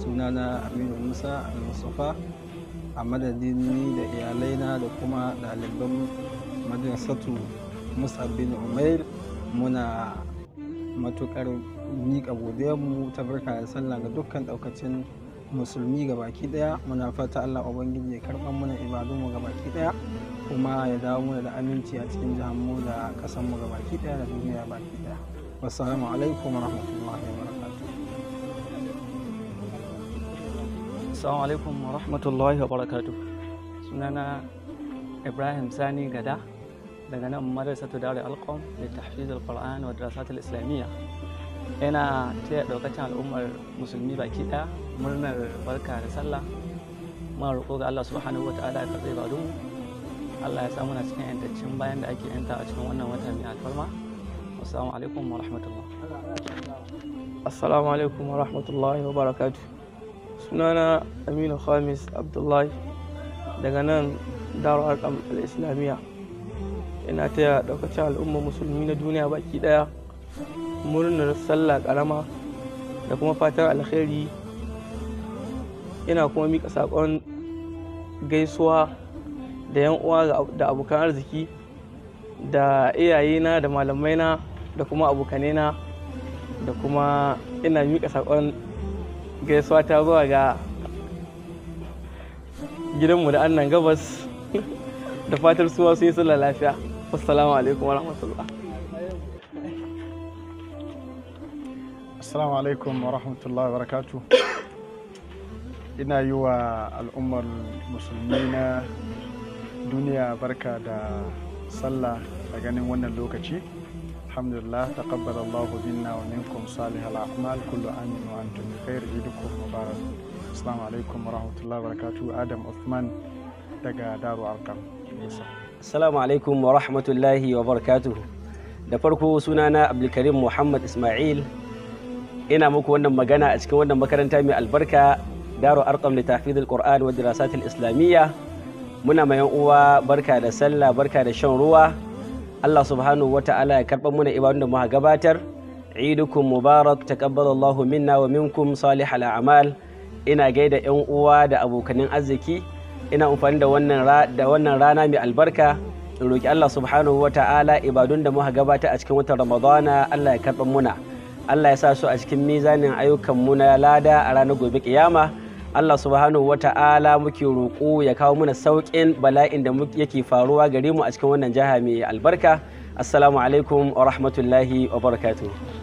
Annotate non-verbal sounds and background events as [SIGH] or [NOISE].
Suna na aminu musa al-mustafa a madadin ni da iyalaina da kuma ɗaliban madrasatu musa bin umair muna matukar miƙa godiyarmu ta barka da sallah ga dukkan ɗaukacin musulmi ga baki ɗaya muna fata allah ubangiji ya karɓar muna ibadunmu ga baki ɗaya kuma ya dawo muna da aminci a cikin jihanmu da ƙasarmu ga baki ɗaya da duniya baki ɗaya wassalamu alaikum warahmatullahi wabarakatuh Assalamu alaikum wa rahmatullahi wa Sunana Ibrahim Sani Gada daga nan madrasatu Darul Alqam da da al-Qur'an wa dirasat al-Islamiyya. Ina taya daukacin al'ummar musulmi baki ɗaya murnar barka da sallah. Muna roƙo ga Allah subhanahu wa ya karɓi ibadun. Allah ya sa muna cikin yantaccen bayan da ake yanta a cikin wannan wata mai alfarma. Assalamu alaikum Assalamu alaikum sunana aminu khamis abdullahi daga nan daru arkam al-islamiyya ina taya daukacin al'umma musulmi na duniya baki daya murnar sallah karama da kuma fatan alkhairi ina kuma mika sakon gaisuwa da yan uwa da abokan arziki da iyayena da malamaina da kuma abokanena da kuma ina mika sakon gaisuwa ta zuwa ga gidanmu da annan gabas [LAUGHS] da fatar suwa sun yi sallah lafiya assalamu alaikum wa rahmatullah assalamu alaikum wa rahmatullah wa barakatu ina yi wa al'ummar musulmi na duniya barka da sallah a ganin wannan lokaci الحمد لله تقبل الله منا ومنكم صالح الأعمال كل عام وأنتم بخير عيدكم مبارك السلام عليكم ورحمة الله وبركاته آدم عثمان wa rahmatullahi Da farko sunana Abdulkarim Muhammad Ismail ina muku wannan magana a cikin wannan makaranta mai albarka Daru Arkam da tafidul Qur'an wa dirasatul Islamiyya. Muna mayan uwa barka da sallah barka da shan ruwa Allah subhanahu wa ta'ala ya karɓar muna ibadun da muka gabatar idukum mubarak taqabbalallahu minna wa minkum salihal a'mal ina gaida yan uwa da abokanin arziki ina amfani da wannan da wannan rana mai albarka in roki Allah subhanahu wa ta'ala ibadun da muka gabatar a cikin watan Ramadana Allah ya karɓar muna Allah ya sa su a cikin mizanin ayyukan mu na lada a ranar gobe kiyama Allah subhanahu wa ta'ala muke roƙo ya kawo mana sauƙin bala'in da yake faruwa gare mu a cikin wannan jiha mai albarka assalamu alaikum wa rahmatullahi wa barakatuh